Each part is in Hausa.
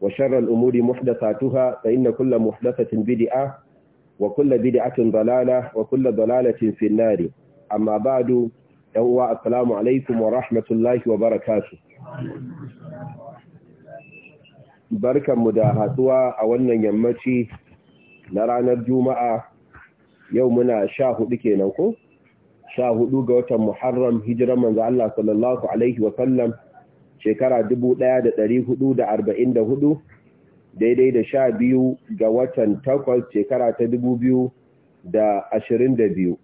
وشر الأمور محدثاتها فإن كل محدثة بدعة وكل بدعة ضلالة وكل ضلالة في النار أما بعد يوى السلام عليكم ورحمة الله وبركاته بركة مداهاتها أولنا يمتي نرانا الجمعة يومنا شاهد كينكو شاهدوا قوة محرم هجرة من الله صلى الله عليه وسلم shekara ɗaya da da da ɗari 1444 daidai da sha biyu ga watan takwas shekara ta da da ashirin biyu.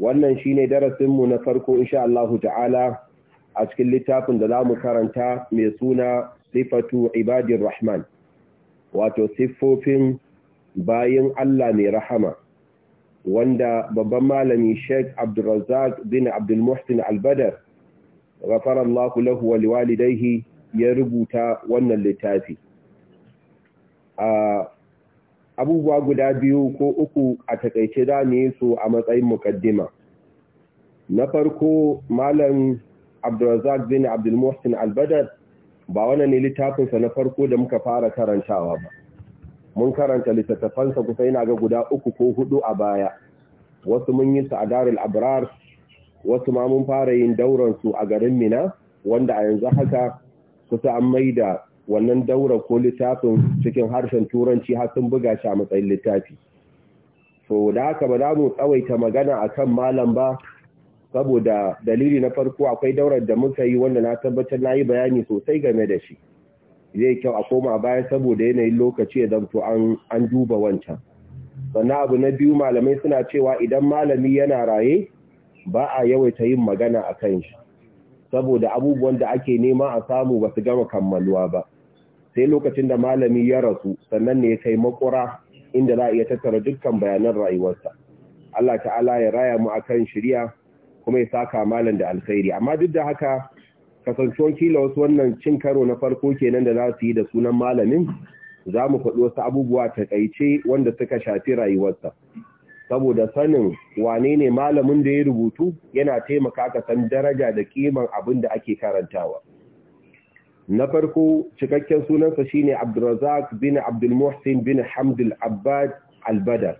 wannan shine darasinmu na farko insha Allahu ta'ala a cikin littafin da za mu karanta mai suna sifatu ibadin rahman wato siffofin bayan Allah mai rahama wanda babban malami Sheikh Abdulrazzaq bin Abdulmuhsin Albadar. غفر الله له ولوالديه ya rubuta wannan littafi abubuwa guda biyu ko uku a takaice da mu yi su a matsayin mukaddima na farko malam abdulrazak bin abdulmuhsin albadar ba wannan ne littafinsa na farko da muka fara karantawa ba mun karanta littattafansa kusa yana ga guda uku ko hudu a baya wasu mun yi su a darul abrar wasu ma mun fara yin dauran su a garin Mina wanda a yanzu haka kusa an maida wannan daura ko littafin cikin harshen turanci har sun buga shi a matsayin littafi so da haka ba za mu tsawaita magana a kan malam ba saboda dalili na farko akwai daurar da muka yi wanda na tabbatar na yi bayani sosai game da shi zai kyau a koma baya saboda yanayin lokaci ya zamto an duba wancan sannan abu na biyu malamai suna cewa idan malami yana raye ba a yawaita yin magana a kan shi saboda abubuwan da ake nema a samu ba su gama kammaluwa ba sai lokacin da malami ya rasu sannan ne ya kai makura inda za a iya tattara dukkan bayanan rayuwarsa Allah ta'ala ya raya mu akan shirya kuma ya saka malam da alkhairi amma duk da haka kasancewar kila wasu wannan cin karo na farko kenan da za su yi da sunan malamin za mu faɗi wasu abubuwa takaice wanda suka shafi rayuwarsa saboda sanin wane ne malamin da ya rubutu yana taimaka ka san daraja da kiman abin da ake karantawa na farko cikakken sunansa shine Abdulrazak bin Abdul bin Hamdul Abbad Al-Badar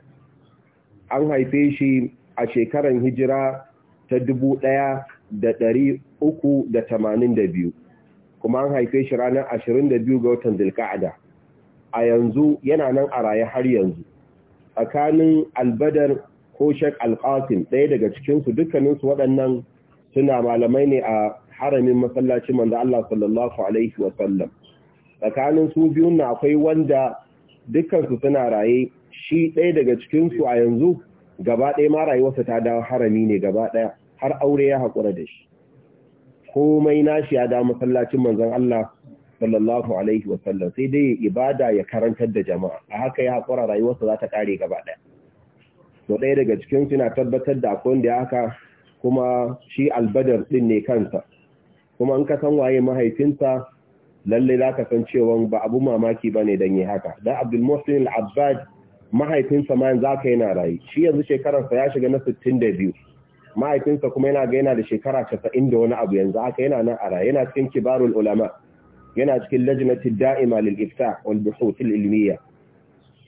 an haife shi a shekarar hijira ta 1382 kuma an haife shi ranar 22 ga watan dilka'ada a yanzu yana nan a raye har yanzu tsakanin albadar ko shek alƙasim ɗaya daga cikinsu dukkaninsu waɗannan suna malamai ne a haramin masallacin manzo Allah sallallahu alaihi wa sallam tsakanin su biyu na akwai wanda dukkansu suna raye shi ɗaya daga cikinsu a yanzu gaba ɗaya ma rayuwarsa ta dawo harami ne gaba ɗaya har aure ya haƙura da shi komai nashi ya dawo masallacin manzon Allah sallallahu alaihi wa sallam sai dai ibada ya karantar da jama'a a haka ya haƙura rayuwarsa za ta kare gaba ɗaya to ɗaya daga cikin suna tabbatar da akwai da haka kuma shi albadar ɗin ne kansa kuma in ka san waye mahaifinsa lalle za ka san cewa ba abu mamaki ba ne don yi haka Dan abdul muslim al-abbad mahaifinsa ma yanzu haka yana rayu shi yanzu shekararsa ya shiga na sittin da biyu mahaifinsa kuma yana ga yana da shekara casa'in da wani abu yanzu haka yana nan a rayu. yana cikin kibarul ulama yana cikin lajnati da'ima lil ifta ilmiya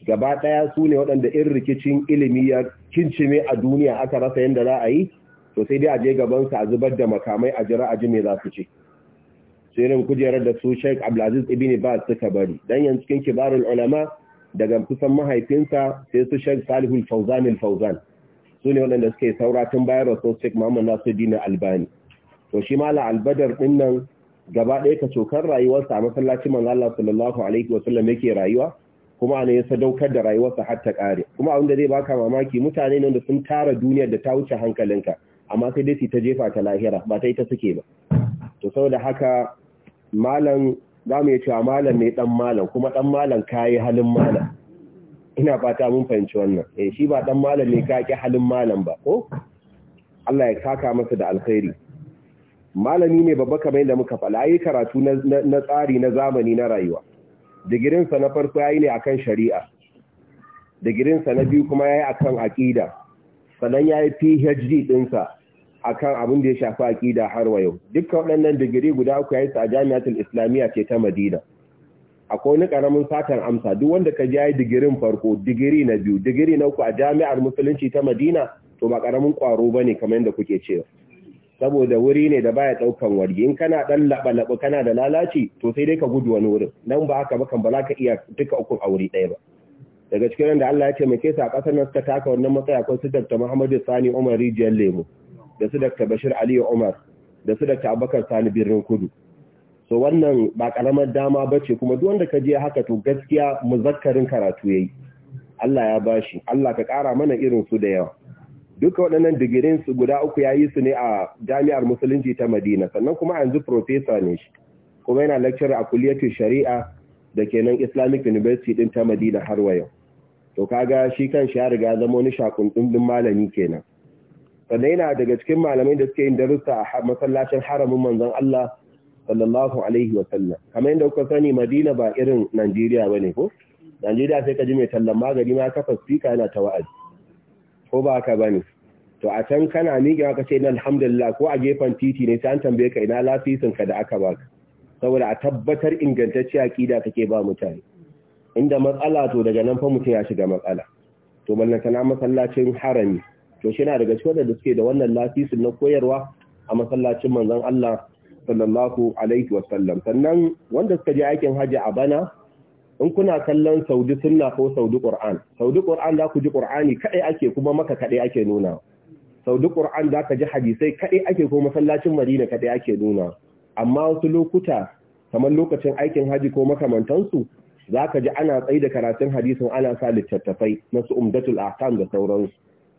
gaba daya su ne waɗanda in rikicin ilimi ya kincime a duniya aka rasa yadda za a yi to sai dai a je gaban su a zubar da makamai a jira a ji me za su ce sirrin kujerar da su Sheikh Abdulaziz Ibn Baz suka bari dan yanzu cikin kibarul ulama daga kusan mahaifinsa sai su Sheikh Salihul Fawzan al-Fawzan su ne waɗanda suke saura tun bayan rasul Sheikh Muhammad Nasiruddin Albani to shi mala albadar din nan gaba ɗaya ka cokar rayuwarsa a masallaci manzo Allah sallallahu alaihi wa sallam yake rayuwa kuma ne ya sadaukar da rayuwarsa har ta kare kuma abin da zai baka mamaki mutane ne wanda sun tara duniyar da ta wuce hankalinka amma sai dai su ta jefa ta lahira ba ta ita suke ba to saboda haka malam za mu iya cewa malam ne dan malam kuma dan malam kayi halin malam ina fata mun fahimci wannan eh shi ba dan malam ne ka halin malam ba ko Allah ya saka masa da alkhairi malami ne babba kamar yadda muka faɗa ayi karatu na tsari na zamani na rayuwa digirinsa na farko yayi ne akan shari'a digirinsa na biyu kuma yayi akan aƙida sannan yayi PhD ɗinsa akan abin da ya shafi aƙida har wa yau dukkan waɗannan digiri guda uku yayi su a Jami'atul Islamiyya ce ta Madina akwai wani karamin satan amsa duk wanda ka ji yayi digirin farko digiri na biyu digiri na uku a Jami'ar Musulunci ta Madina to ba karamin kwaro bane kamar yadda kuke cewa saboda wuri ne da baya daukan wari in kana dan laba-laba kana da lalaci to sai dai ka gudu wani wurin nan ba haka ba kan ba za ka iya duka ukun a wuri ɗaya ba daga cikin da Allah ya ce mai kesa a ƙasar nan suka taka wannan matsaya akwai su Dr. Muhammadu Sani Umar Rijiyar Lemo da su Dr. Bashir Aliyu Umar da su Dr. Abubakar Sani Birnin Kudu so wannan ba karamar dama ce kuma duk wanda ka je haka to gaskiya muzakkarin karatu yayi Allah ya bashi Allah ka kara mana irin su da yawa duka waɗannan digirin su guda uku ya yi su ne a jami'ar musulunci ta madina sannan kuma yanzu profesa ne shi kuma yana lecturer a kuliyatu shari'a da kenan islamic university din ta madina har waya. to kaga shi kan shi ya riga zama wani shakuntun din malami kenan sannan yana daga cikin malamai da suke yin darussa a masallacin haramin manzon Allah sallallahu alaihi wa sallam kamar yadda kuka sani madina ba irin najeriya bane ko najeriya sai ka ji mai tallan magani ma kafa speaker yana ta wa'azi ko ba ka bane to a can kana miƙe ka ce na alhamdulillah ko a gefen titi ne sai an tambaye ka ina lasisin ka da aka baka saboda a tabbatar ingantacciya ƙida kake ba mutane inda matsala to daga nan fa mutum ya shiga matsala to mallakana masallacin harami to shi na daga cikin da suke da wannan lasisin na koyarwa a masallacin manzon Allah sallallahu alaihi wasallam sannan wanda suka je aikin hajji a bana in kuna kallon saudi sunna ko saudi qur'an saudi qur'an za ku ji qur'ani kadai ake kuma maka kadai ake nuna saudi qur'an za ka ji hadisai kadai ake kuma masallacin madina kadai ake nuna amma wasu lokuta kamar lokacin aikin haji ko makamantansu za ka ji ana tsaye da karatun hadisin ana sa littattafai na su umdatul ahkam da sauransu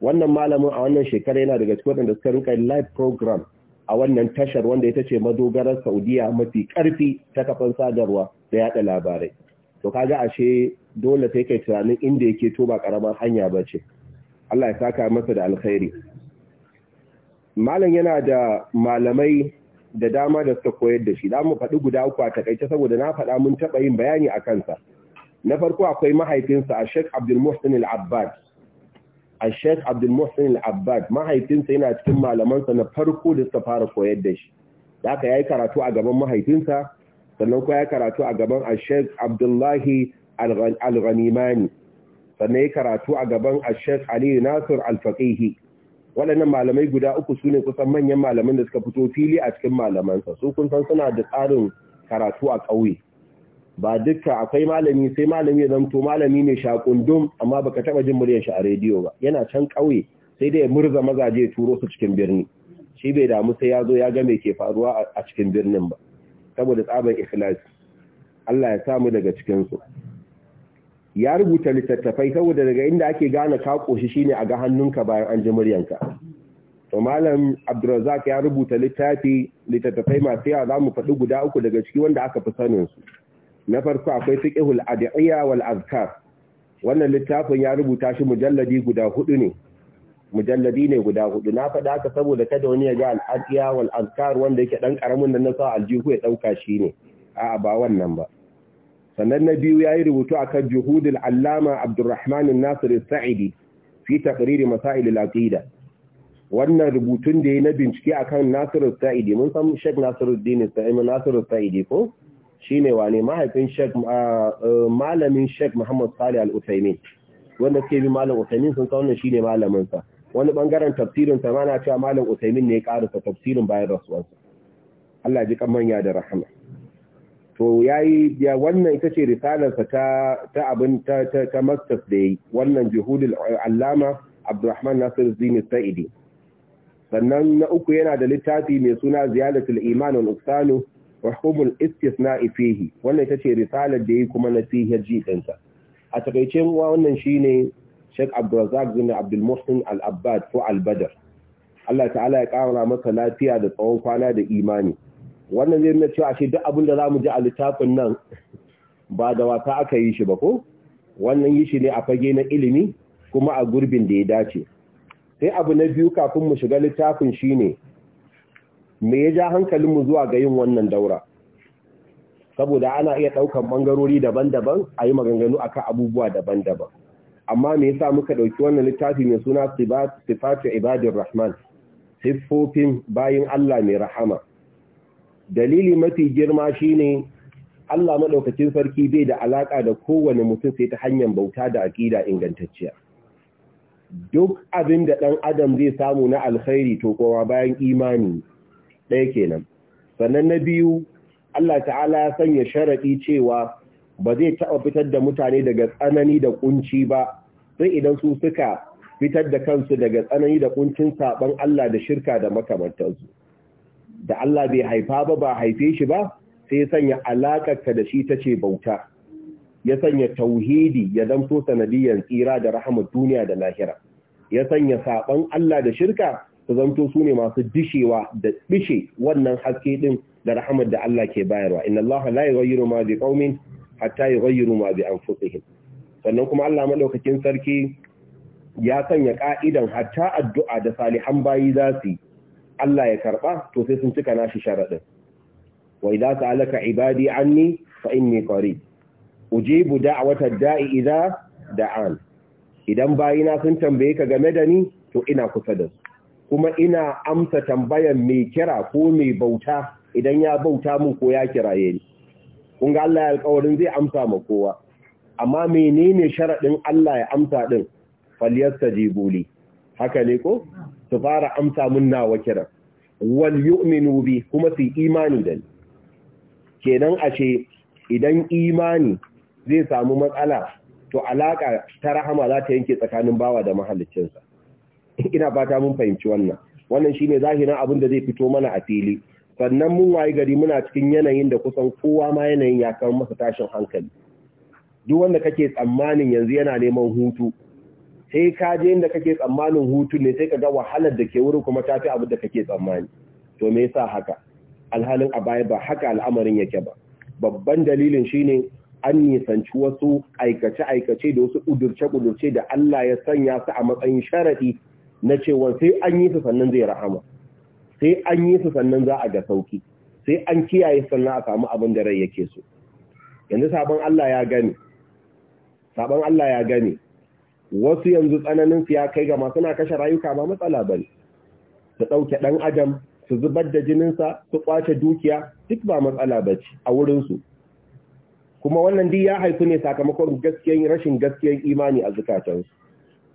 wannan malamin a wannan shekara yana daga cikin wadanda suka rinka live program a wannan tashar wanda ita ce madogarar saudiya mafi karfi ta kafan sadarwa da yaɗa labarai to ga ashe dole sai kai tunanin inda yake to ba karamar hanya ba ce Allah ya saka masa da alkhairi malam yana da malamai da dama da suka koyar da shi za mu faɗi guda uku a takaice saboda na faɗa mun taɓa yin bayani a kansa na farko akwai mahaifinsa a sheik abdul muhsin al-abbad a sheik abdul muhsin al-abbad mahaifinsa yana cikin malamansa na farko da suka fara koyar da shi da aka yi karatu a gaban mahaifinsa sannan kuwa ya karatu a gaban ashek abdullahi al-ghanimani sannan ya karatu a gaban ashek aliyu nasir al-faqihi waɗannan malamai guda uku su ne kusan manyan malaman da suka fito fili a cikin malamansa su kun san suna da tsarin karatu a ƙauye ba dukka akwai malami sai malami ya zamto malami ne shakundum amma baka taba jin muryar shi a rediyo ba yana can ƙauye sai dai ya murza mazaje turo su cikin birni shi bai damu sai ya zo ya ga me ke faruwa a cikin birnin ba saboda tsabar ikhlasi Allah ya samu daga cikinsu. ya rubuta littattafai saboda daga inda ake gane ka koshi shine a ga hannunka bayan an ji muryanka to malam Abdulrazak ya rubuta littafi littattafai masu yawa zamu faɗi guda uku daga ciki wanda aka fi sanin su na farko akwai fiqhul adiyya wal azkar wannan littafin ya rubuta shi mujalladi guda hudu ne mujalladi ne guda hudu na faɗa haka saboda kada wani ya ga al'adiya wal azkar wanda yake dan karamin da na sa aljihu ya dauka shi ne a'a ba wannan ba sannan na biyu yayi rubutu akan juhudul allama abdurrahman an-nasir as-sa'idi fi taqrir masail al-aqida wannan rubutun da yayi na bincike akan nasir as-sa'idi mun san shek Nasiruddin sa'imi Nasir as-sa'idi ko shine wane mahaifin shek malamin shek Muhammad Salih al-Utsaimin wanda ke bi malam Utsaimin sun san wannan shine malamin sa wani bangaren tafsirin ta mana cewa malam Usaimin ne ya karasa tafsirin bayan rasuwarsa Allah ji kan manya da rahama to yayi ya wannan ita ce risalarsa ta ta abin ta ta, ta masters da yi wannan juhudul allama Abdurrahman Nasir Zini Sa'idi sannan na uku yana da littafi mai suna Ziyadatul Iman wal Uqsanu wa Hubul Istisna'i fihi wannan ita ce risalar da yi kuma na ji ɗinsa a takaice wa wannan shine Sheikh Abdulrazak bin Abdul Muhsin Al-Abbad ko al Allah ta'ala ya ƙara masa lafiya da tsawon kwana da imani wannan zai na cewa shi duk abin da za mu ji a littafin nan ba da wata aka yi shi ba ko wannan yi shi ne a fage na ilimi kuma a gurbin da ya dace sai abu na biyu kafin mu shiga littafin shine. me ya ja hankalin mu zuwa ga yin wannan daura saboda ana iya ɗaukan ɓangarori daban-daban a yi maganganu akan abubuwa daban-daban amma me yasa muka ɗauki wannan littafi mai suna sifatu ibadir rahman siffofin bayin Allah mai rahama dalili mafi girma shine Allah madaukakin sarki bai da alaka da kowane mutum sai ta hanyar bauta da aqida ingantacciya duk abin da dan adam zai samu na alkhairi to kowa bayan imani ɗaya kenan sannan na biyu Allah ta'ala ya sanya sharadi cewa ba zai taɓa fitar da mutane daga tsanani da ƙunci ba sai idan su suka fitar da kansu daga tsanani da ƙuncin saɓon Allah da shirka da makamantarsu da Allah bai haifa ba ba haife shi ba sai ya sanya alaƙarka da shi ta ce bauta ya sanya tauhidi ya zamto sanadiyyar tsira da rahamar duniya da lahira ya sanya saɓon Allah da shirka su zamto su ne masu dishewa da bishe wannan haske din da rahamar da Allah ke bayarwa inna Allah la yi ma bi hatta yughayyiru ma bi anfusihim sannan kuma Allah madaukakin sarki ya sanya ƙa'idan hatta addu'a da salihan bayi za su Allah ya karba to sai sun cika nashi sharadin wa idza sa'alaka ibadi anni fa inni qarib ujibu da'wata da'i idza da'an idan bayi na sun tambaye ka game da ni to ina kusa da su kuma ina amsa tambayan mai kira ko mai bauta idan ya bauta mun ko ya kiraye ni kun ga Allah ya alƙawarin zai amsa ma kowa amma menene sharaɗin Allah ya amsa din falyastajibu li haka ne ko su fara amsa mun nawa kira wal yu'minu bi kuma su imani da ni kenan ashe idan imani zai samu matsala to alaka ta rahama za ta yanke tsakanin bawa da mahaliccinsa ina fata mun fahimci wannan wannan shine zahirin abin da zai fito mana a fili sannan mun wayi gari muna cikin yanayin da kusan kowa ma yanayin ya kawo masa tashin hankali duk wanda kake tsammanin yanzu yana neman hutu sai ka je inda kake tsammanin hutu ne sai ka ga wahalar da ke wurin kuma ta fi abin da kake tsammani to me yasa haka alhalin a baya ba haka al'amarin yake ba babban dalilin shine an nisanci wasu aikace-aikace da wasu ƙudurce-ƙudurce da Allah ya sanya su a matsayin sharaɗi na cewa sai an yi su sannan zai rahama sai an yi su sannan za a ga sauki sai an kiyaye sannan a samu abin da rai yake so yanzu sabon Allah ya gani, sabon Allah ya gani wasu yanzu tsananin su ya kai ga masu na kashe rayuka ba matsala ba ne su ɗauke ɗan adam su zubar da jinin sa, su ƙwace dukiya duk ba matsala ba ce a wurinsu kuma wannan duk ya haifu ne sakamakon gaskiyan rashin gaskiyar imani a zukatansu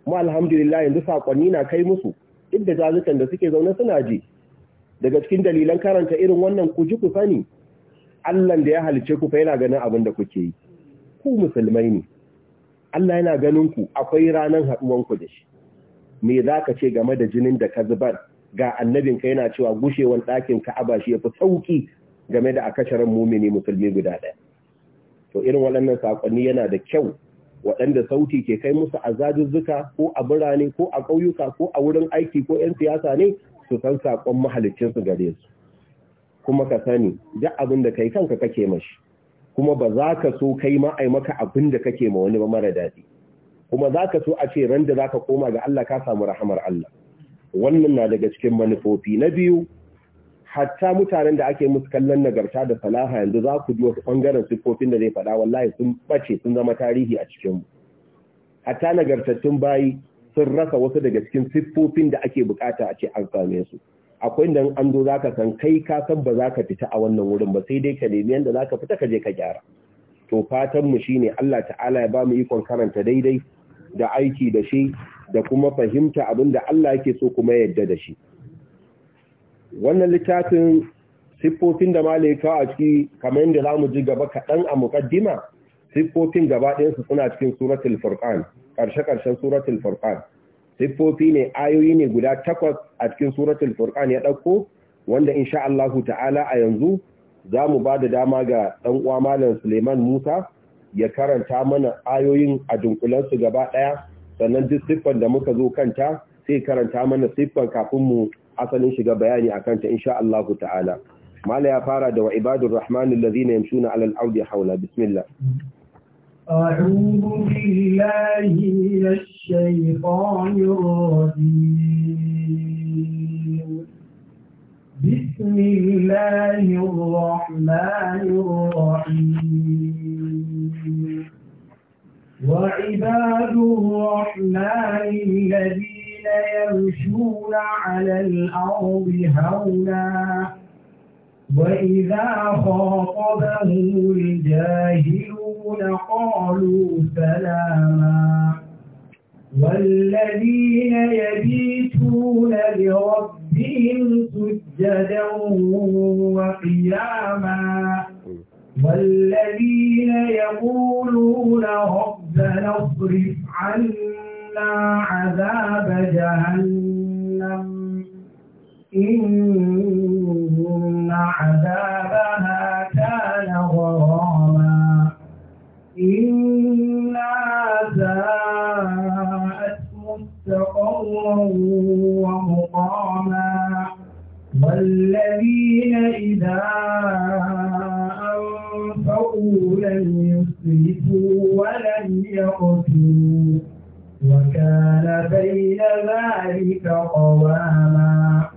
kuma alhamdulillah yanzu sakonni na kai musu duk da jazukan da suke zaune suna ji daga cikin dalilan karanta irin wannan ku ji ku sani Allah da ya halice ku fa yana ganin abin da kuke yi ku musulmai ne Allah yana ganin ku akwai ranan haduwan ku da shi me zaka ce game da jinin da ka zubar ga annabin ka yana cewa gushewan ɗakin Ka'aba shi fi sauki game da akasharan mumini musulmi guda ɗaya to irin waɗannan sakonni yana da kyau waɗanda sauti ke kai musu a zazuzzuka ko a birane ko a ƙauyuka ko a wurin aiki ko 'yan siyasa ne su san saƙon mahalicinsu gare su kuma ka sani duk abin da kai kanka kake mashi kuma ba za ka so kai ma ai maka abin da kake ma wani ba mara daɗi kuma za ka so a ce ran da za ka koma ga Allah ka samu rahamar Allah wannan na daga cikin manufofi na biyu hatta mutanen da ake musu kallon nagarta da salaha yanzu za ku ji wasu ɓangaren siffofin da zai faɗa wallahi sun ɓace sun zama tarihi a cikinmu hatta nagartattun bayi sun rasa wasu daga cikin siffofin da ake bukata a ce an same su akwai inda an zo zaka san kai ka san ba zaka fita a wannan wurin ba sai dai ka nemi yanda zaka fita ka je ka gyara to fatan mu shine Allah ta'ala ya ba mu ikon karanta daidai da aiki da shi da kuma fahimta abin da Allah yake so kuma yadda da shi wannan littafin siffofin da malai a ciki kamar yadda za mu ji gaba kaɗan a muƙaddima siffofin gaba su suna cikin suratul furqan karshe karshen suratul furqan siffofi ne ayoyi ne guda takwas a cikin suratul furqan ya dauko wanda insha Allah ta'ala a yanzu za mu ba da dama ga dan uwa malam Suleiman Musa ya karanta mana ayoyin a su gaba ɗaya sannan duk siffan da muka zo kanta sai karanta mana siffan kafin mu asalin shiga bayani a kanta insha Allah ta'ala. Mala ya fara da wa ibadun rahmanin lazina yamshuna alal audi haula bismillah. أعوذ بالله من الشيطان الرجيم بسم الله الرحمن الرحيم وعباد الرحمن الذين يمشون على الأرض هونا وإذا خاطبه الجاهلون قالوا سلاما والذين يبيتون لربهم سجدا وقياما والذين يقولون ربنا اصرف عنا عذاب جهنم إن عذابها كان غراما إنها ساءت مستقرا ومقاما والذين إذا أنفقوا لم يسرفوا ولم يقتلوا وكان بين ذلك قواما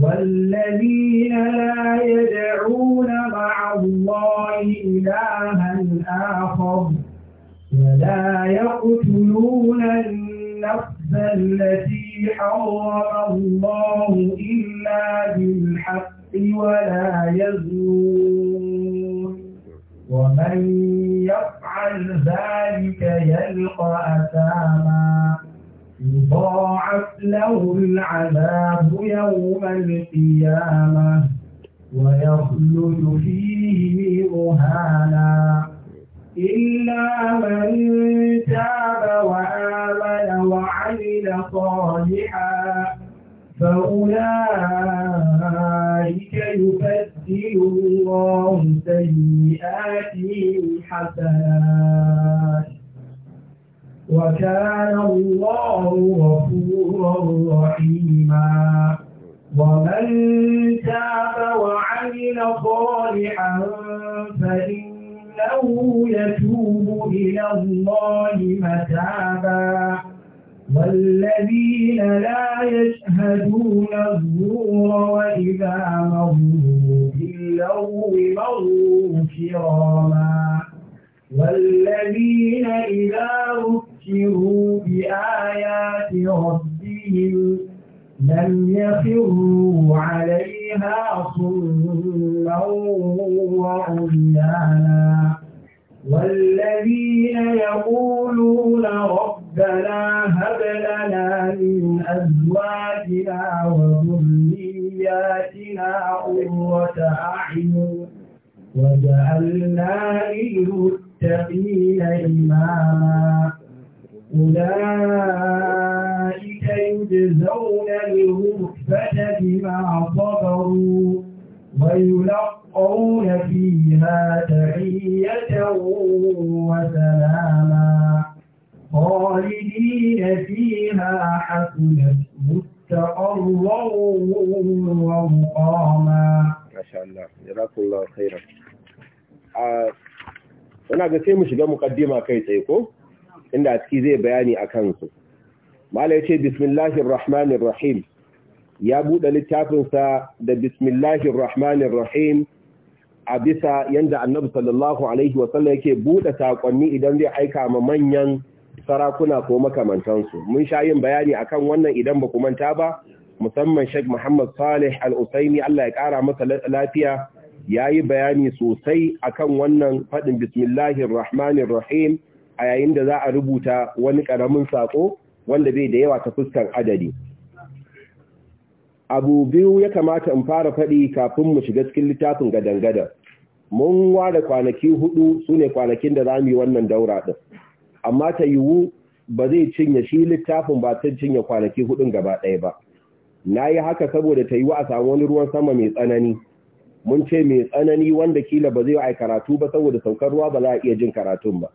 والذين لا يدعون مع الله إلها آخر ولا يقتلون النفس التي حرم الله إلا بالحق ولا يزنون ومن يفعل ذلك يلقى أثاما يضاعف له العذاب يوم القيامة ويخلد فيه مهانا إلا من تاب وآمن وعمل صالحا فأولئك يبدل الله سيئاتهم حسنات وكان الله غفورا رحيما ومن تاب وعمل صالحا فإنه يتوب إلى الله متابا والذين لا يشهدون الزور وإذا مروا باللغو مروا كراما والذين إذا ركبوا ذكروا بآيات ربهم لم يخروا عليها صُمًّا وعميانا والذين يقولون ربنا هب لنا من أزواجنا وذرياتنا قرة أعين وجعلنا للمتقين إماما أولئك يجزون الغرفة بما صبروا ويلقون فيها تحية وسلاما خالدين فيها حسنت مستقرا ومقاما ما شاء الله جزاكم الله خيرا آه، أنا قلت لك مش shiga mukaddima kai inda a ciki zai bayani a kansu mala ce bismillahir rahmanir rahim ya buɗe littafinsa da bismillahir rahmanir rahim a bisa yadda annabi sallallahu alaihi wasallam yake buɗe saƙonni idan zai aika ma manyan sarakuna ko makamantansu mun sha yin bayani a kan wannan idan ba ku manta ba musamman Sheikh Muhammad Salih Al-Usaini Allah ya ƙara masa lafiya ya yi bayani sosai akan wannan faɗin bismillahir rahmanir rahim a yayin da za a rubuta wani ƙaramin saƙo wanda bai da yawa ta fuskan adadi. Abu biyu ya kamata in fara faɗi kafin mu shiga cikin littafin gadan-gadan. Mun ware kwanaki hudu su ne kwanakin da za mu yi wannan daura ɗin. Amma ta yiwu ba zai cinye shi littafin ba ta cinye kwanaki hudun gaba ɗaya ba. Na yi haka saboda ta yiwu a samu wani ruwan sama mai tsanani. Mun ce mai tsanani wanda kila ba zai yi karatu ba saboda saukar ruwa ba za a iya jin karatun ba.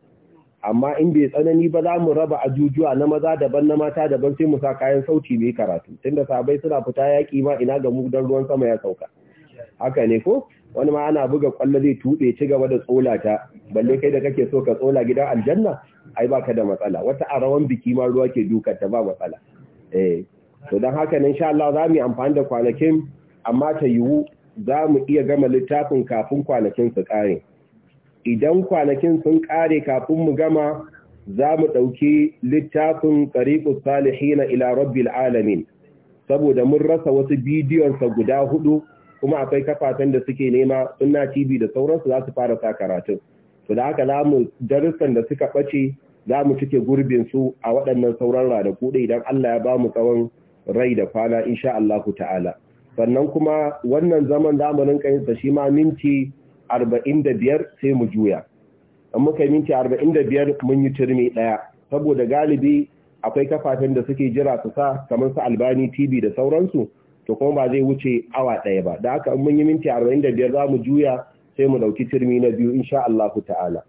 amma in bai tsanani ba za mu raba ajujuwa na maza daban na mata daban sai mu sa kayan sauti mai karatu tunda sabai suna fita yaƙi ma ina ga mu dan ruwan sama ya sauka haka ne ko wani ma ana buga kwallo zai tuɓe ci gaba da tsola ta balle kai da kake so ka tsola gidan aljanna ai baka da matsala wata a rawan biki ma ruwa ke dukar ta ba matsala eh to dan haka ne insha Allah za mu yi amfani da kwanakin amma ta yiwu za mu iya gama littafin kafin kwanakin su kare. idan kwanakin sun ƙare kafin mu gama za mu ɗauki littafin ƙariƙus salihina ila rabbil alamin saboda mun rasa wasu bidiyonsa guda hudu kuma akwai kafafen da suke nema suna tv da sauransu za su fara sa karatun to da haka za mu darussan da suka ɓace za mu cike gurbin su a waɗannan sauran rada kuɗe idan Allah ya ba mu tsawon rai da kwana insha allahu ta'ala sannan kuma wannan zaman zamanin kayinsa shi ma minti arba'in da biyar sai mu juya in muka yi minti arba'in da biyar mun yi turmi ɗaya saboda galibi akwai kafafen da suke jira su sa kamar su albani tv da sauransu to kuma ba zai wuce awa ɗaya ba da haka in mun yi minti arba'in da biyar za mu juya sai mu ɗauki turmi na biyu insha Allah ta'ala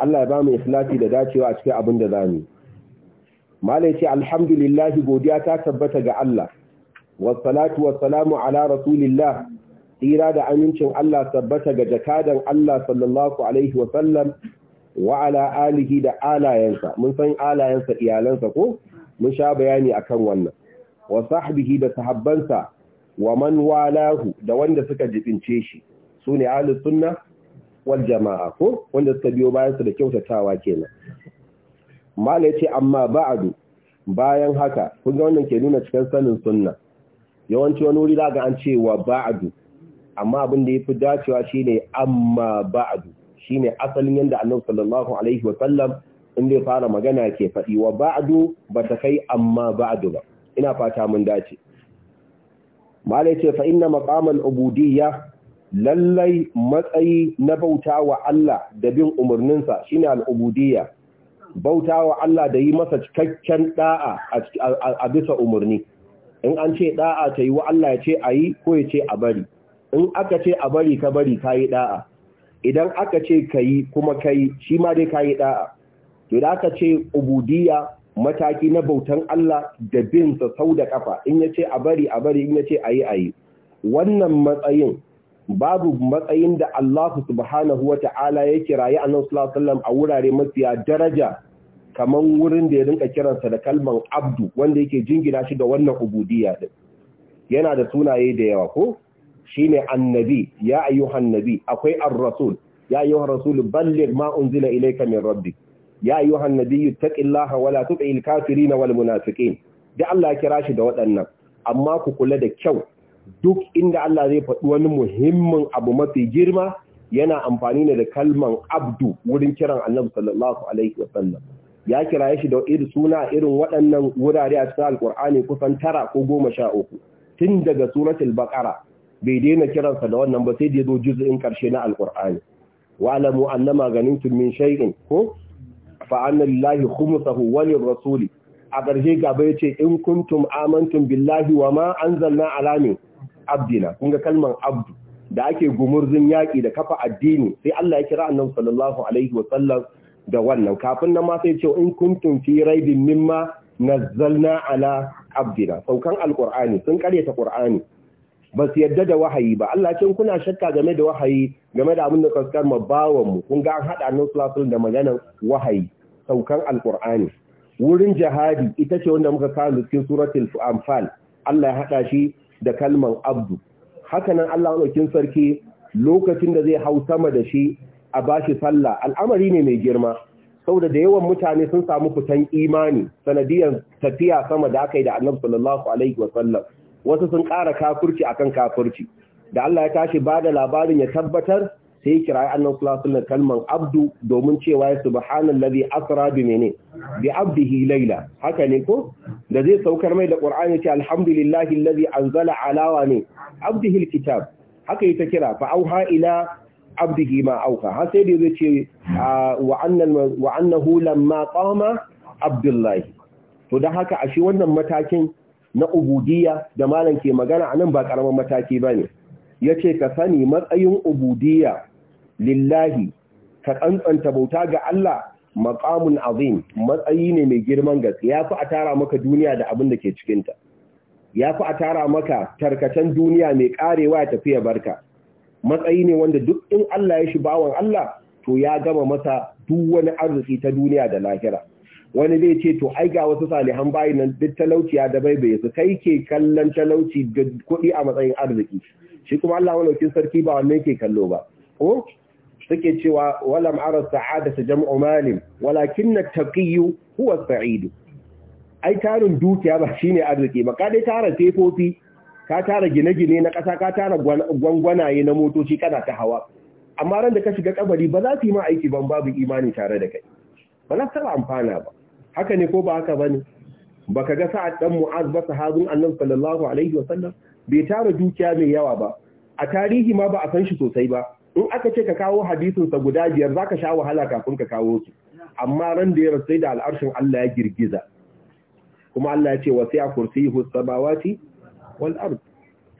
Allah ya ba mu ikhlasi da dacewa a cikin abin da za mu malai ce alhamdulillah godiya ta tabbata ga Allah salatu wasu salamu ala rasulillah tsira da amincin Allah tabbata ga jakadan Allah sallallahu alaihi wa sallam wa ala alihi da alayensa mun san alayensa iyalansa ko mun sha bayani akan wannan wa sahbihi da sahabbansa wa man walahu da wanda suka jibince shi sune ahlus sunna wal jamaa ko wanda suka biyo bayansa su da kyautatawa kenan mala ce amma Ba'adu, bayan haka kun ga wannan ke nuna cikin sanin sunna yawanci wani wuri ga an ce wa ba'adu amma abin da ya fi dacewa shine amma ba'du shine asalin yanda Annabi sallallahu alaihi wa in zai fara magana ke faɗi wa ba'du ta kai amma ba'adu ba ina fata mun dace malai ce fa inna maqamal ubudiyya lallai matsayi na bauta wa Allah da bin umarninsa shine al'ubudiyya bauta wa Allah da yi masa cikakken da'a a bisa umarni in an ce da'a ta yi wa Allah ya ce a yi ko ya ce a bari in aka ce a bari ka bari ka yi da'a idan aka ce ka yi kuma ka yi shi ma dai ka yi da'a to da aka ce ubudiyya mataki na bautan Allah da bin sa sau da kafa in ya ce a bari a bari in ya ce a yi a yi wannan matsayin babu matsayin da Allah subhanahu wa ta'ala ya kira ya annabi sallallahu alaihi wasallam a wurare mafiya daraja kamar wurin da ya rinka kiransa da kalman abdu wanda yake jingina shi da wannan ubudiyya din yana da sunaye da yawa ko shine annabi ya ayyuhan nabi akwai ar-rasul ya ayyuhan rasul balligh ma unzila ilayka min rabbik ya ayyuhan nabi ittaqillaha wa la tuti'il kafirin wal munafiqin da Allah ya kira shi da waɗannan amma ku kula da kyau duk inda Allah zai faɗi wani muhimmin abu mafi girma yana amfani ne da kalman abdu wurin kiran annabi sallallahu alaihi wasallam ya kira shi da irin suna irin waɗannan wurare a cikin alkur'ani kusan tara ko goma sha uku tun daga suratul baqara bai daina kiransa da wannan ba sai da ya zo juz'in ƙarshe na Alƙur'ani. wa alamu annama ganimtum min shay'in ko fa anna lillahi khumsuhu wa lirrasuli a ƙarshe gaba yace ce in kuntum amantum billahi wa ma anzalna alamin abdina kun ga kalman abdu da ake gumurzin yaƙi da kafa addini sai Allah ya kira annabi sallallahu alaihi wa sallam da wannan kafin nan ma sai ce in kuntum fi raibin mimma nazzalna ala abdina saukan alqur'ani sun karyata qur'ani ba su yadda da wahayi ba Allah ce kuna shakka game da wahayi game da abin da kaskar mabawan mu kun ga an hada nan sulasul da maganar wahayi saukan alqur'ani wurin jihadi ita ce wanda muka kawo cikin suratul anfal Allah ya hada shi da kalman abdu haka nan Allah ɗaukin sarki lokacin da zai hau sama da shi a bashi sallah al'amari ne mai girma saboda da yawan mutane sun samu fitan imani sanadiyar tafiya sama da aka yi da annabi sallallahu alaihi wa sallam wasu sun ƙara kafirci akan kafirci da Allah ya tashi ba da labarin ya tabbatar sai ya kira annan sulasunan kalman abdu domin cewa ya subhanan lazi asra bi mene bi laila haka ne ko da zai saukar mai da qur'ani ce alhamdulillahi lazi anzala alawa ne abdihi kitab haka yi ta kira fa auha ila abdihi ma auka har sai da zai ce wa annahu lamma qama abdullahi to da haka ashe wannan matakin na ubudiya da malam ke magana a nan ba ƙaramin mataki ba ne ya ce ka sani matsayin ubudiyya lillahi ka tsantsanta bauta ga Allah maqamun azim matsayi ne mai girman gaske ya fi a tara maka duniya da abin da ke cikinta ya fi a tara maka tarkacen duniya mai ƙarewa ya tafi ya barka matsayi ne wanda duk in Allah ya shi bawan Allah to ya gama masa duk wani arziki ta duniya da lahira wani zai ce to ai ga wasu salihan bayi nan duk talauciya da bai bai su kai ke kallon talauci da kuɗi a matsayin arziki shi kuma Allah malaukin sarki ba wannan ke kallo ba ko suke cewa walam ara ta jam'u malim walakin at huwa said ai tarin dukiya ba shine arziki ba ka dai tara tefofi ka tara gine-gine na ƙasa ka tara gwangwanaye na motoci kana ta hawa amma ran da ka shiga kabari ba za su yi ma aiki ban babu imani tare da kai ba za su amfana ba haka ne ko ba haka bane ka ga sa'ad ɗan mu'az ba sahazun annabi sallallahu alaihi wasallam bai tara dukiya mai yawa ba a tarihi ma ba a san shi sosai ba in aka ce ka kawo hadisin sa guda biyar zaka sha wahala kafin ka kawo su amma ran da ya rasu da al'arshin Allah ya girgiza kuma Allah ya ce wasi'a kursiyuhu samawati wal ard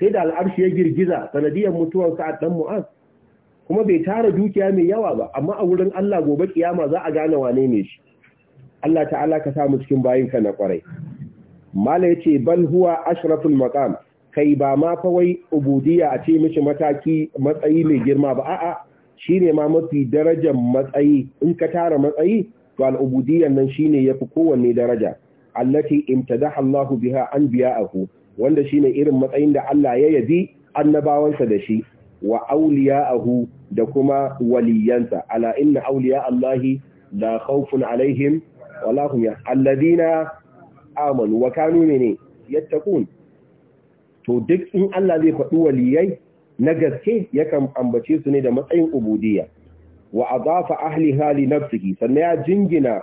sai da al'arshi ya girgiza sanadiyar mutuwar sa'ad ɗan mu'az kuma bai tara dukiya mai yawa ba amma a wurin Allah gobe kiyama za a gane wane ne shi Allah ta'ala ka samu cikin bayinka na kwarai mala ce bal huwa ashraful kai ba ma kawai ubudiya a ce mishi mataki matsayi mai girma ba a'a shine ma mafi darajar matsayi in ka tara matsayi to al’ubudiyan nan shine yafi kowanne daraja allati imtadaha Allahu biha ku, wanda shine irin matsayin da Allah ya yabi annabawansa da shi wa auliya auliya'ahu da kuma waliyyansa. ala inna auliya Allahi da khawfun alaihim wala ya alladina amanu wa kanu mene yattaqun to duk in Allah zai faɗi waliyai na gaske yakan ambace su ne da matsayin ubudiyya wa adafa ahli hali nafsihi sannan ya jingina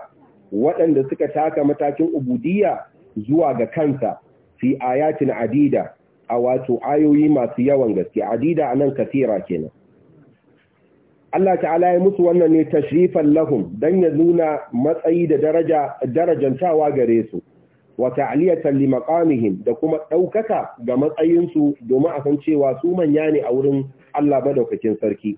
waɗanda suka taka matakin ubudiyya zuwa ga kansa fi ayatin adida a wato ayoyi masu yawan gaske adida anan kasira kenan Allah ta'ala ya musu wannan ne tashrifan lahum dan ya nuna matsayi da daraja darajantawa gare su wa ta'liyatan li maqamihim da kuma daukaka ga matsayinsu domin a san cewa su manya ne a wurin Allah madaukakin sarki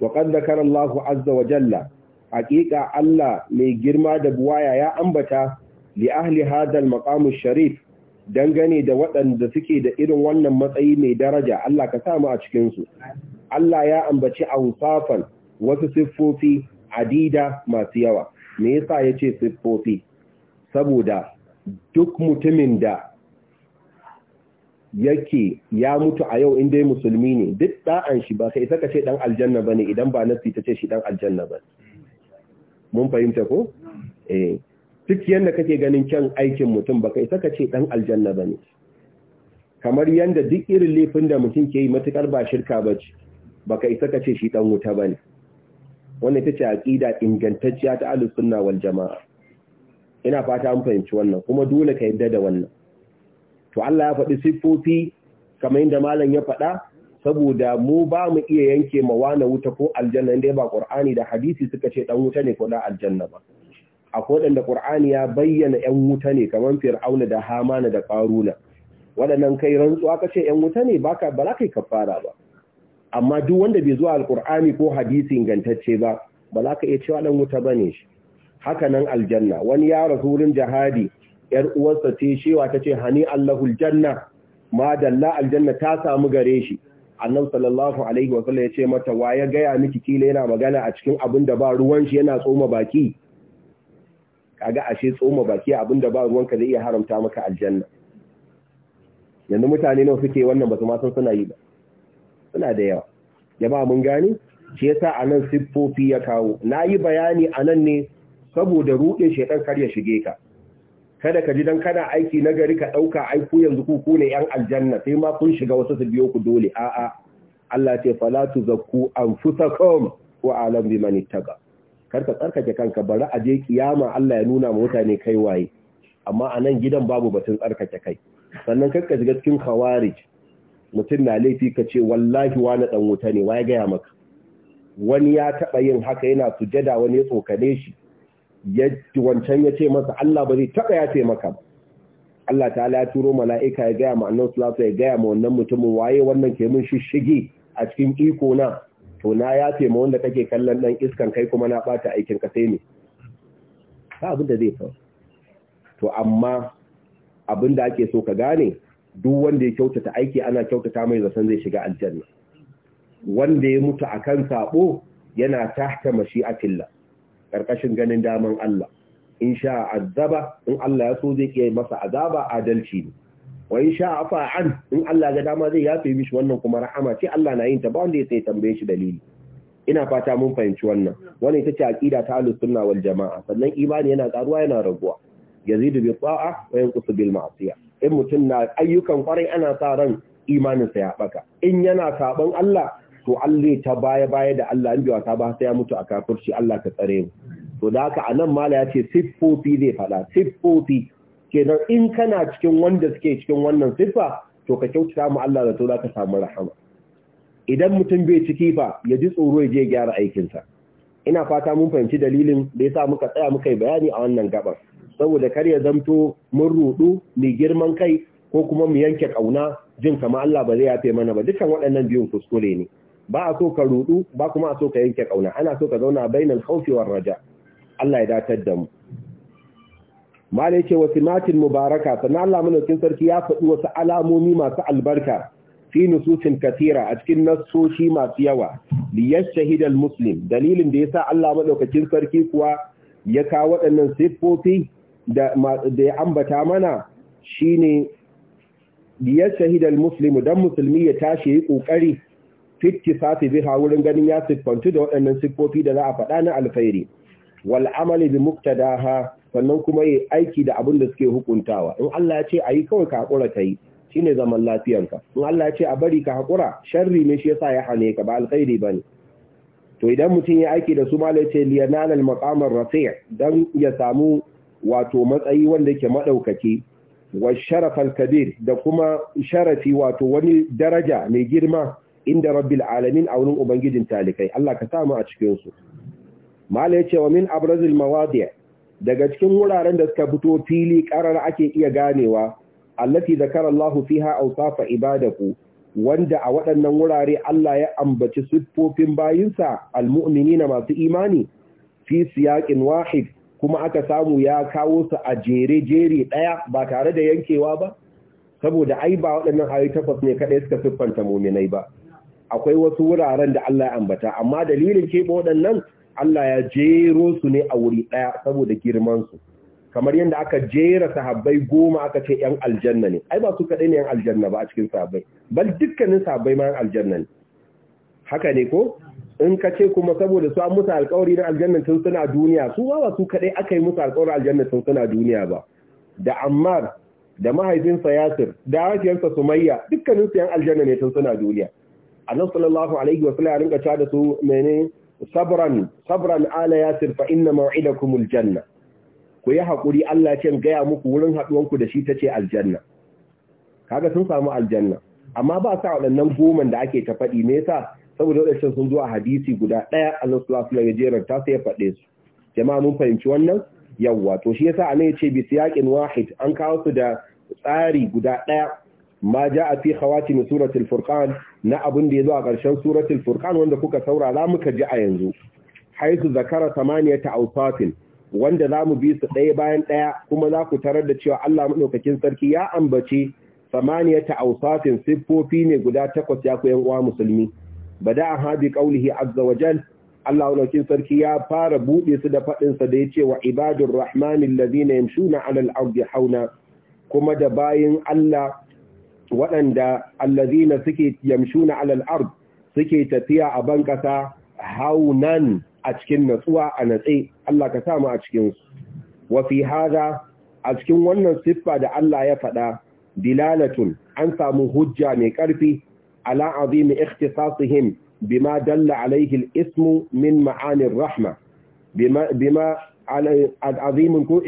wa qad zakara Allah azza wa jalla haqiqa Allah mai girma da buwaya ya ambata li ahli hadal maqam sharif dangane da waɗanda suke da irin wannan matsayi mai daraja Allah ka sa mu a cikin su Allah ya ambaci awsafan wasu siffofi adida masu yawa me yasa ya ce siffofi saboda duk mutumin da yake ya mutu a yau inda musulmi ne duk ɗa’an shi ba sai saka ce dan aljanna ba ne idan ba nasi ta ce shi dan aljanna ba mun fahimta ko eh duk yadda kake ganin kyan aikin mutum ba isa ka ce dan aljanna ba ne. kamar yadda duk irin laifin da mutum ke yi matuƙar ba shirka ce, baka isa ka ce shi dan wuta bane wannan ita ce aqida ingantacciya ta ahlus sunna wal jamaa ina fata an fahimci wannan kuma dole ka yadda da wannan to Allah ya faɗi siffofi kamar yadda malam ya faɗa saboda mu ba mu iya yanke ma wani wuta ko aljanna inda ba Qur'ani da hadisi suka ce dan wuta ne ko dan aljanna ba akwai wanda Qur'ani ya bayyana yan wuta ne kamar Fir'auna da Hamana da Qaruna Waɗannan kai rantsuwa kace yan wuta ne baka ba za kai kafara ba amma duk wanda bai zuwa alkur'ani ko hadisi ingantacce ba ba za ka iya cewa dan wuta bane shi haka nan aljanna wani ya rasu wurin jihadi yar uwarsa ce shewa ta ce hani allahul janna ma dalla aljanna ta samu gare shi annab sallallahu alaihi wa sallam ya ce mata wa ya gaya miki kila yana magana a cikin abin da ba ruwan shi yana tsoma baki kaga ashe tsoma baki abin da ba ka zai iya haramta maka aljanna yanzu mutane nawa suke wannan ba su ma san suna yi ba suna da yawa jama'a mun gani shi yasa anan siffofi ya kawo Na yi bayani a nan ne saboda rudin shedan kar ya shige ka kada ka ji dan kana aiki na gari ka dauka aiku yanzu ku ku ne yan aljanna sai ma kun shiga wasu su biyo ku dole a'a Allah ce fala tuzakku anfusakum wa alam biman ittaqa kar ka tsarkake kanka bari a je kiyama Allah ya nuna ma mutane kai waye amma anan gidan babu batun tsarkake kai sannan ka shiga cikin khawarij mutum na laifi ka ce wallahi wani dan wuta ne ya gaya maka wani ya taɓa yin haka yana sujada wani ya tsokane shi ya wancan ya ce masa Allah ba zai taɓa ya ce maka ba Allah ta ya turo mala'ika ya gaya ma annabi ya gaya ma wannan mutumin waye wannan ke mun shishige a cikin iko na to na ya ce ma wanda kake kallon dan iskan kai kuma na bata aikin ka sai ne ba abin da zai faru to amma abin da ake so ka gane duk wanda ya kyautata aiki ana kyautata mai zaton zai shiga aljanna wanda ya mutu akan sabo yana tahta mashi'atillah karkashin ganin daman Allah in sha azaba in Allah ya so zai kiyaye masa azaba adalci ne wa in sha afa an in Allah ga dama zai yafe mishi wannan kuma rahama ce Allah na yin ta ba wanda ya sai tambaye shi dalili ina fata mun fahimci wannan wannan ita ce aqida ta ahlus sunna wal jamaa sannan imani yana karuwa yana raguwa yazidu bi ta'a wa yanqusu bil ma'siyah in mutum na ayyukan kwarai ana sa ran imaninsa ya baka in yana sabon Allah to Allah ta baya baya da Allah in biwa ta ba sai ya mutu a kafirci Allah ka tsare mu to da haka anan mala ya ce siffofi zai faɗa siffofi kenan in kana cikin wanda suke cikin wannan siffa to ka kyautata mu Allah da to za ka samu rahama idan mutum bai ciki fa ya ji tsoro ya je gyara aikinsa ina fata mun fahimci dalilin da yasa muka tsaya muka yi bayani a wannan gaban. saboda kar ya zamto mun rudu mai girman kai ko kuma mu yanke kauna jin kama Allah ba zai yafe mana ba dukan waɗannan biyun kuskure ne ba a so ka rudu ba kuma a so ka yanke kauna ana so ka zauna bainal khawfi war raja Allah ya datar da mu mal ce wasu matin mubaraka sannan Allah mulkin sarki ya faɗi wasu alamomi masu albarka fi nususin katira a cikin nassoshi masu yawa liyar Shahidal muslim dalilin da ya sa Allah maɗaukakin sarki kuwa ya kawo waɗannan siffofi da ya ambata mana shine ya shahidal muslimu dan musulmi ya tashi yi kokari fitti safi biha wurin ganin ya siffantu da waɗannan siffofi da za a faɗa na alfairi wal amali bi muktadaha sannan kuma yi aiki da abin da suke hukuntawa in Allah ya ce yi kawai ka hakura kai shine zaman lafiyanka in Allah ya ce a bari ka hakura sharri ne shi yasa ya hane ka ba alkhairi ne to idan mutum ya aiki da su malai ce liyanal maqamar rafi' dan ya samu wato matsayi wanda yake maɗaukaki wa sharafal kabir da kuma sharafi wato wani daraja mai girma inda rabbil alamin a wurin ubangijin talikai Allah ka samu a cikinsu. su mala ce wa min abrazil mawadi' daga cikin wuraren da suka fito fili karar ake iya ganewa allati zakara Allah fiha awsafa ibadahu wanda a waɗannan wurare Allah ya ambaci siffofin bayinsa almu'minina masu imani fi siyaqin wahid kuma aka samu ya kawo su a jere-jere ɗaya ba tare da yankewa ba saboda ai ba waɗannan ayoyi takwas ne kaɗai suka siffanta muminai ba akwai wasu wuraren da Allah ya ambata amma dalilin keɓe waɗannan Allah ya jero su ne a wuri ɗaya saboda girman su kamar yadda aka jera sahabbai goma aka ce ‘yan aljanna ne ai ba su kaɗai ne ‘yan aljanna ba a cikin sahabbai bal dukkanin sahabbai ma ‘yan aljanna ne haka ne ko in ka ce kuma saboda su an musu alkawari na aljanna tun suna duniya su ba su kadai aka yi musu alkawarin aljanna tun suna duniya ba da ammar da mahaifinsa yasir da hajiyarsa sumayya dukkanin su yan aljanna ne tun suna duniya annabi sallallahu alaihi wa sallam ya rinka cewa da su mene sabran sabran ala yasir fa inna maw'idakumul janna ku yi hakuri Allah ce gaya muku wurin haduwan ku da shi tace aljanna kaga sun samu aljanna amma ba sa waɗannan goman da ake ta faɗi me yasa saboda waɗancan sun zo a hadisi guda ɗaya nan sulasu da ta sai ya faɗe su jama'a mun fahimci wannan yawwa to shi yasa anan yace bi siyaqin wahid an kawo su da tsari guda ɗaya ma a fi min suratul furqan na abin da ya zo a ƙarshen suratul furqan wanda kuka saura za muka ji a yanzu haisu zakara samaniyata awsatin wanda za mu bi su ɗaya bayan ɗaya kuma za ku tarar da cewa Allah maɗaukakin sarki ya ambaci samaniyata awsatin siffofi ne guda takwas ya ku yan uwa musulmi bada'aha bi qawlihi azza wa jal Allah ulaukin sarki ya fara buɗe su da faɗin sa da yace wa ibadur rahmanil ladina yamshuna 'alal ardi hauna kuma da bayan Allah waɗanda allazina suke yamshuna 'alal ard suke tafiya a banƙasa kasa haunan a cikin natsuwa a natse Allah ka samu a cikin su wa hada a cikin wannan siffa da Allah ya faɗa dilalatun an samu hujja mai ƙarfi ala azimi ikhtisasihim bima dalla alaihi al-ismu min ma'ani rahma bima bima al'azimin ko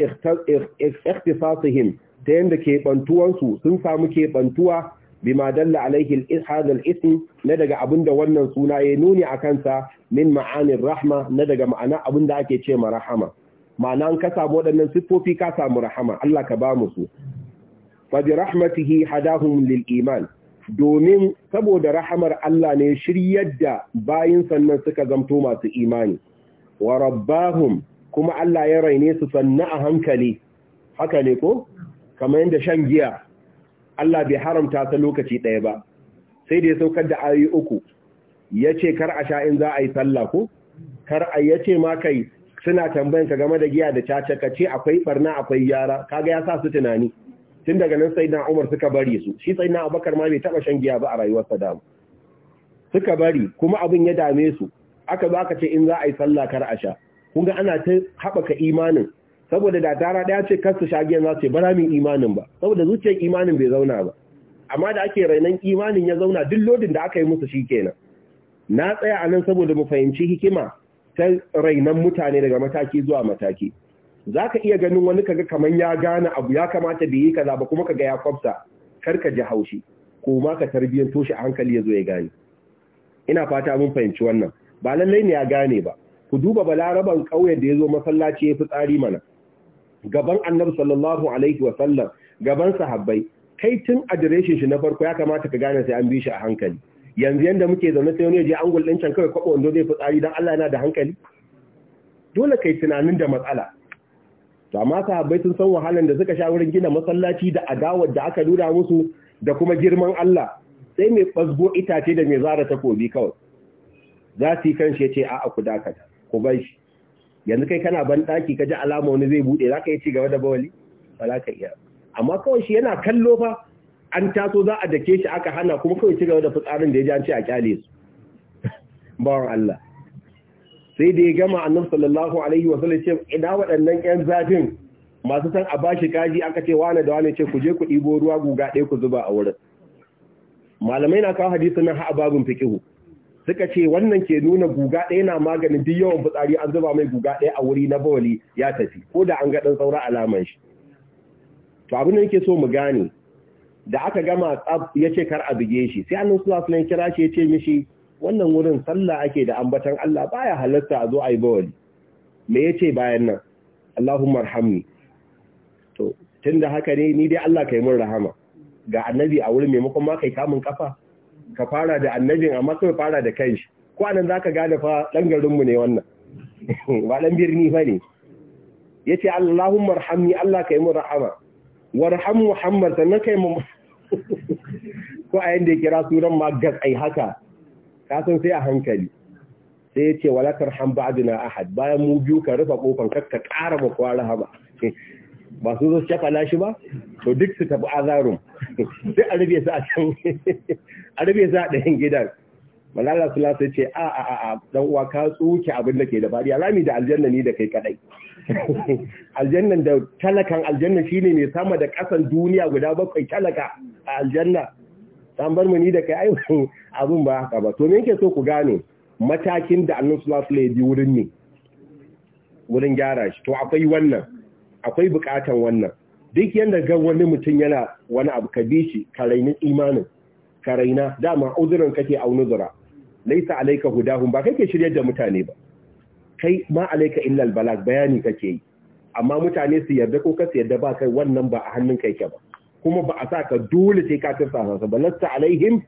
ikhtisasihim ta yadda keɓantuwansu sun samu kebantuwa bima dalla alaihi hadal ism na daga abin wannan suna ya nuni a kansa min ma'anin rahma na daga ma'ana abin ake ce rahama ma'ana ka samu waɗannan siffofi ka samu rahama Allah ka ba mu su fa bi rahmatihi hadahum lil iman domin saboda rahamar Allah ne shiryar da bayin sannan suka zamto masu imani wa rabbahum kuma Allah ya raine su sannan a hankali haka ne ko kamar yadda shan giya Allah bai haramta ta lokaci ɗaya ba sai da ya saukar da ayi uku ya ce kar a sha in za a yi sallah ko kar a ya ce ma kai suna tambayan ka game da giya da caca ka ce akwai ɓarna akwai yara kaga ya sa su tunani tun daga nan sai na Umar suka bari su shi sai na Abubakar ma bai taba shan giya ba a rayuwar sa dama. suka bari kuma abin ya dame su aka zo aka ce in za a yi sallah kar a sha kun ga ana ta haɓaka imanin saboda da tara daya ce kar su sha giya za su ce bara min imanin ba saboda zuciyar imanin bai zauna ba amma da ake rainan imanin ya zauna duk lodin da aka yi musu shikenan na tsaya a nan saboda mu fahimci hikima ta rainan mutane daga mataki zuwa mataki za ka iya ganin wani kaga kamar ya gane abu ya kamata bai yi kaza ba kuma kaga ya kwafta kar ka ji haushi ko ma ka tarbiyyar toshe hankali ya zo ya gane ina fata mun fahimci wannan ba lallai ne ya gane ba ku duba balaraban ƙauyen da ya zo masallaci ya fi tsari mana gaban annabi sallallahu alaihi wa sallam gaban sahabbai kai tun adireshin shi na farko ya kamata ka gane sai an bi shi a hankali yanzu yanda muke zaune sai wani ya je angul ɗin can kawai kwaɓa wando zai fi tsari don Allah yana da hankali dole kai tunanin da matsala to amma sahabbai sun san wahalan da suka sha wurin gina masallaci da adawar da aka nuna musu da kuma girman Allah sai mai basgo itace da mai zara takobi kawai za su yi kanshi ya ce a'a ku dakata ku bai shi yanzu kai kana ban daki ka ji alama wani zai bude za ka yi ci gaba da bawali ba za ka iya amma kawai shi yana kallo fa an taso za a dake shi aka hana kuma kawai ci gaba da fitsarin da ya ji an ce a kyale su bawan Allah sai da ya gama annabi sallallahu alaihi wa sallam ce ina waɗannan ƴan zafin masu san a bashi kaji aka ce wane da wane ce ku je ku ɗibo ruwa guga ɗaya ku zuba a wurin malamai na kawo hadisi nan a babin fiqihu suka ce wannan ke nuna guga ɗaya na maganin duk yawan fitsari an zuba mai guga ɗaya a wuri na bawali ya tafi ko da an ga ɗan saura alaman shi to abin da yake so mu gane da aka gama tsab ya ce kar a buge shi sai annabi sallallahu alaihi wa sallam kira shi ya ce mishi wannan wurin sallah ake da ambatan Allah baya halatta a zo a yi bawali me yace bayan nan Allahumma arhamni to tunda haka ne ni dai Allah kai mun rahama ga annabi a wurin maimakon ma kai kamun kafa ka fara da annabin amma sai fara da kanshi ko anan zaka gane fa dan garin mu ne wannan ba dan birni ba ne yace Allahumma arhamni Allah kai mun rahama warham Muhammad sannan kai mu ko ayin da ya kira suran ma gas ai haka ka san sai a hankali sai ya ce wala tarham ba'duna ahad bayan mu biyu ka rufe kofan kar ƙara ba kwa ba su zo shafa shi ba to duk su tafi azarun Sai a rufe su a can a rufe su a ɗayan gidan malala su sai ce a a a dan uwa ka tsuke abin da ke da fadi alami da aljanna ni da kai kadai aljannan da talakan aljanna shine mai sama da kasan duniya guda bakwai talaka a aljanna an bar mu ni da kai ai abun ba haka ba to me yake so ku gane matakin da annabi sallallahu alaihi wasallam wurin ne wurin gyara shi to akwai wannan akwai bukatan wannan duk yanda ga wani mutum yana wani abu ka bi shi ka raini imanin ka raina dama uzurin kake au nuzura laisa alayka hudahum ba kake shiryar da mutane ba kai ma alayka illa albalag bayani kake yi amma mutane su yarda ko ka yarda ba kai wannan ba a hannun kai ke ba kuma ba a sa ka dole sai ka kirsa sa ba lasta alaihim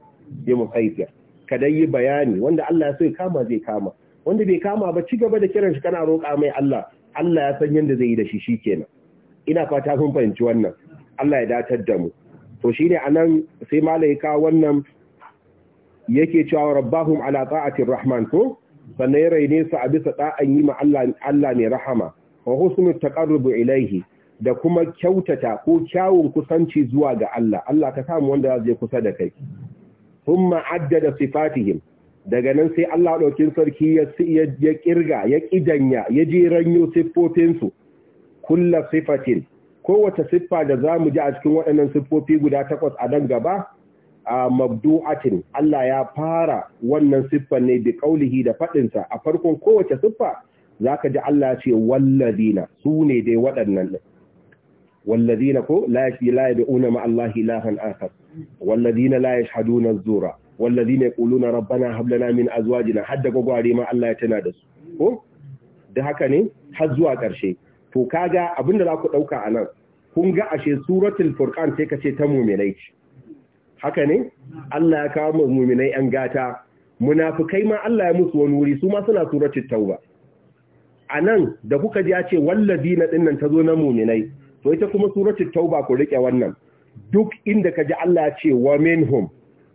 bi musaitir ka yi bayani wanda Allah ya so ya kama zai kama wanda bai kama ba ci gaba da kiran shi kana roƙa mai Allah Allah ya san yanda zai yi da shi kenan. ina fata kun fahimci wannan Allah ya datar da mu to shine anan sai ka wannan yake cewa rabbahum ala ta'atir rahman to sannan ya raine su a bisa da'an yi ma Allah Allah ne rahama wa husnul taqarrub ilaihi da kuma kyautata ko kyawun kusanci zuwa ga Allah Allah ka samu wanda za zai kusa da kai thumma addada sifatihim daga nan sai Allah daukin sarki ya ya kirga ya kidanya ya je ranyo su kullu sifatin kowace siffa da zamu ji a cikin waɗannan siffofi guda takwas a nan gaba a mabdu'atin Allah ya fara wannan siffan ne bi kaulihi da faɗinsa a farkon kowace siffa zaka ji Allah ce wallazina su ne dai waɗannan والذين لا لا يدعون مع الله إلها آخر والذين لا يشهدون الزور والذين يقولون ربنا هب لنا من أزواجنا حد قواري ما الله يتنادس da haka ne har zuwa ƙarshe to kaga abin da za ku ɗauka anan, kun ga ashe suratul furqan sai ka ce ta muminai haka ne Allah ya kawo muminai yan gata munafikai ma Allah ya musu wani wuri su ma suna suratul tauba a nan da kuka ji ya ce wallazina dinnan ta zo na muminai to ita kuma suratul tauba ku rike wannan duk inda ka ji Allah ya ce wa minhum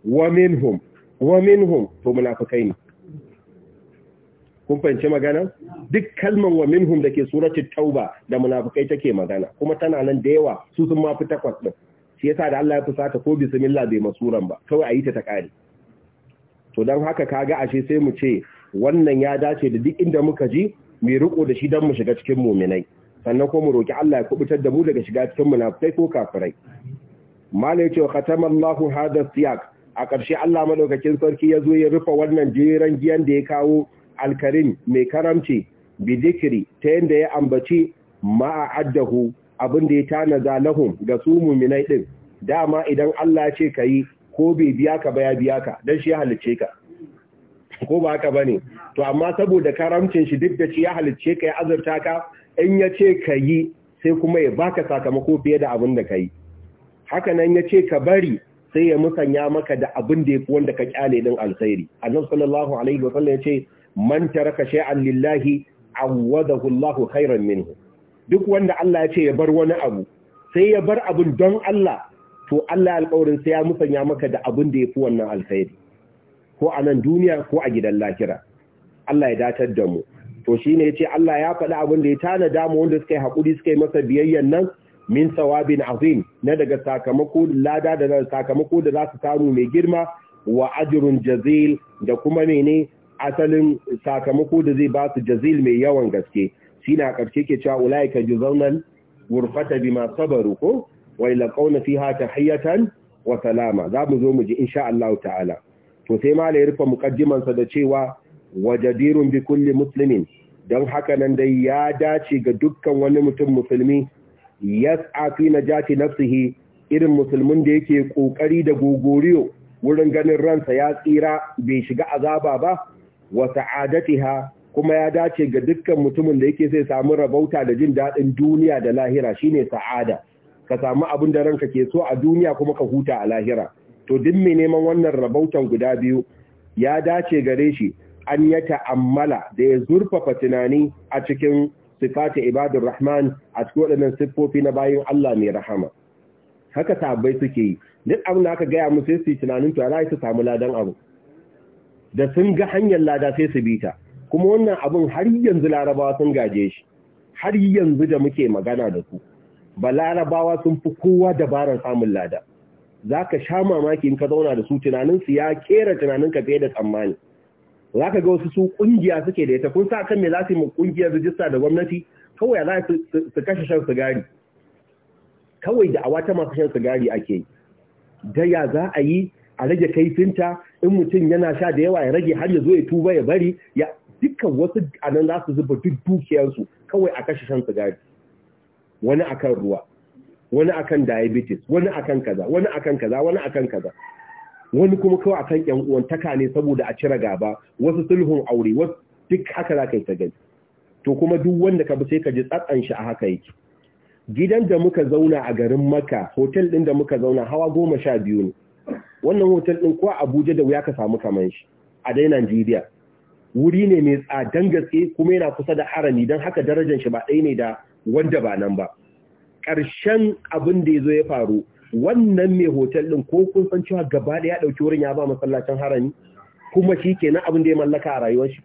wa minhum wa minhum to munafikai ne kun fahimci magana duk kalman wa minhum dake suratul tauba da munafikai take magana kuma tana nan da yawa su sun ma fi takwas din shi yasa da Allah ya fusata ko bismillah bai masuran ba kawai ayi ta ta kare to don haka kaga ashe sai mu ce wannan ya dace da duk inda muka ji mai riko da shi dan mu shiga cikin muminai sannan ko mu roki Allah ya kubutar da mu daga shiga cikin munafai ko kafirai wa yace Allahu hada siyak a ƙarshe Allah madaukakin sarki ya zo ya rufe wannan jeran giyan da ya kawo alkarin mai karamci bidikiri ta yanda ya ambaci addahu abin da ya tana lahum ga su muminai din dama idan Allah ya ce kai ko bai biya ka ba ya biya ka dan shi ya halicce ka ko ba haka bane to amma saboda karamcin shi duk da shi ya halicce ka ya azurta ka in ya ce ka yi sai kuma ya baka sakamako fiye da abin da ka yi Hakanan ya ce ka bari sai ya musanya maka da abin da ya fi wanda ka kyale din alkhairi annabi sallallahu alaihi wa sallam ya ce man taraka shay'an lillahi awwadahu Allahu khairan minhu duk wanda Allah ya ce ya bar wani abu sai ya bar abin don Allah to Allah ya alƙawarin sai ya musanya maka da abin da ya fi wannan alkhairi ko a nan duniya ko a gidan lahira Allah ya datar da mu to shi ya ce Allah ya faɗi abin da ya tana damu wanda suka yi haƙuri suka yi masa biyayyan nan min sawabin azim na daga sakamako lada da sakamako da za su samu mai girma wa ajrun jazil da kuma mene asalin sakamako da zai ba su jazil mai yawan gaske shine na ƙarshe ke cewa ulaika juzawnan gurfata bima sabaru ko wai ila qawna fiha tahiyatan wa salama za mu zo mu ji insha Allah ta'ala to sai ma la rufe mu da cewa wajadirun bi kulli muslimin don haka nan dai ya dace ga dukkan wani mutum musulmi yas'afi najati nafsihi irin musulmin da yake kokari da gogoriyo wurin ganin ransa ya tsira bai shiga azaba ba wa sa'adatiha kuma ya dace ga dukkan mutumin da yake sai samu rabauta da jin daɗin duniya da lahira shine sa'ada ka samu abin da ranka ke so a duniya kuma ka huta a lahira to duk mai neman wannan rabautan guda biyu ya dace gare shi an ya ta'ammala da ya zurfafa tunani a cikin sifati ibadur rahman a cikin waɗannan siffofi na bayin Allah mai rahama haka sabbai suke yi duk abin da aka gaya mu sai su tunanin to Allah su samu ladan abu da sun ga hanyar lada sai su bi ta kuma wannan abin har yanzu larabawa sun gaje shi har yanzu da muke magana da ku ba larabawa sun fi kowa dabarar samun lada za ka sha mamaki in ka zauna da su tunaninsu ya kera tunaninka fiye da tsammani za ka ga wasu su kungiya suke da ita kun sa kan me za su yi kungiyar rijista da gwamnati kawai za su kashe shan sigari kawai da awata masu shan sigari ake yi da ya za a yi a rage kaifinta in mutum yana sha da yawa ya rage har ya zo ya tuba ya bari ya dukkan wasu anan za su zuba duk dukiyarsu kawai a kashe shan sigari wani akan ruwa wani akan diabetes wani akan kaza wani akan kaza wani akan kaza wani kuma kawai akan yan uwantaka ne saboda a cire gaba wasu sulhun aure wasu duk haka za ka yi ta to kuma duk wanda ka bi sai ka ji tsatsan shi a haka yake gidan da muka zauna a garin maka hotel din da muka zauna hawa goma sha biyu ne wannan hotel din ko abuja da wuya ka samu kaman shi a dai najeriya wuri ne mai tsadan gaske kuma yana kusa da harami don haka darajan shi ba ɗaya ne da wanda ba nan ba ƙarshen abin da ya zo ya faru wannan mai hotel ɗin ko kun san cewa gaba da ya dauki wurin ya ba masallacin harami kuma shi kenan abin da ya mallaka a rayuwar shi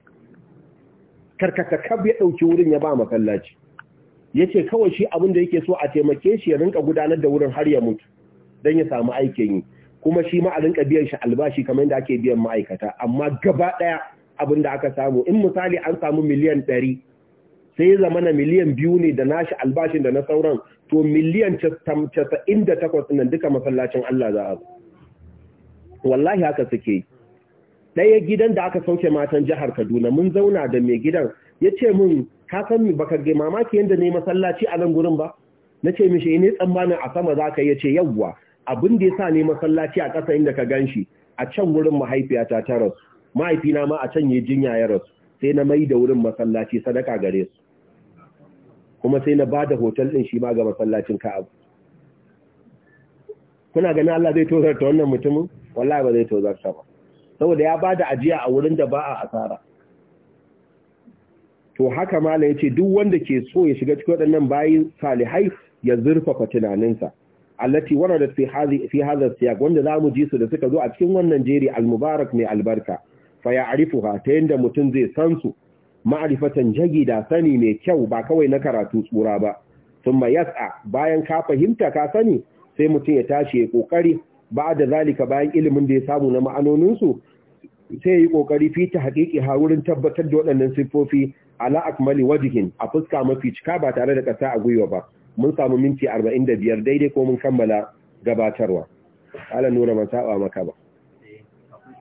karkata kab ya ɗauki wurin ya ba masallaci Ya ce kawai shi abin da yake so a taimake shi ya rinka gudanar da wurin har ya mutu dan ya samu aikin yi kuma shi ma a rinka biyan shi albashi kamar yadda ake biyan ma'aikata amma gaba daya abin da aka samu in misali an samu miliyan ɗari sai ya zama na miliyan biyu ne da nashi albashin da na sauran to miliyan takwas nan duka masallacin Allah za a wallahi haka suke ɗaya gidan da aka sauke matan jihar Kaduna mun zauna da mai gidan ya ce min ka san baka ga mamaki yadda ne masallaci a nan gurin ba na ce mishi ne tsammanin a sama za ka yi ce yawwa abin da ya sa ne masallaci a ƙasa inda ka gan shi a can wurin mahaifiyata ta rasu mahaifina ma a can ya jinya ya rasu sai na mai da wurin masallaci sadaka gare su kuma sai na bada hotel din shi ma ga masallacin Ka'aba kuna ganin Allah zai tozarta wannan mutumin wallahi ba zai ta ba saboda ya bada ajiya a wurin da ba a asara to haka mala yace duk wanda ke so ya shiga cikin waɗannan bayin salihai ya zurfafa tunaninsa allati warada fi hadhi fi hadha siyaq wanda za mu ji su da suka zo a cikin wannan jeri al-mubarak mai albarka fa ya'rifuha ta yanda mutum zai san su ma'arifatan da sani mai kyau ba kawai na karatu tsura ba thumma yas'a bayan ka fahimta ka sani sai mutum ya tashi ya kokari ba da zalika bayan ilimin da ya samu na ma'anonin su sai yi ƙoƙari. Fita, haƙiƙi ha wurin tabbatar da waɗannan siffofi ala akmali wajihin a fuska mafi cika ba tare da ƙasa a gwiwa ba mun samu minti 45 daidai ko mun kammala gabatarwa ala nura man saba maka ba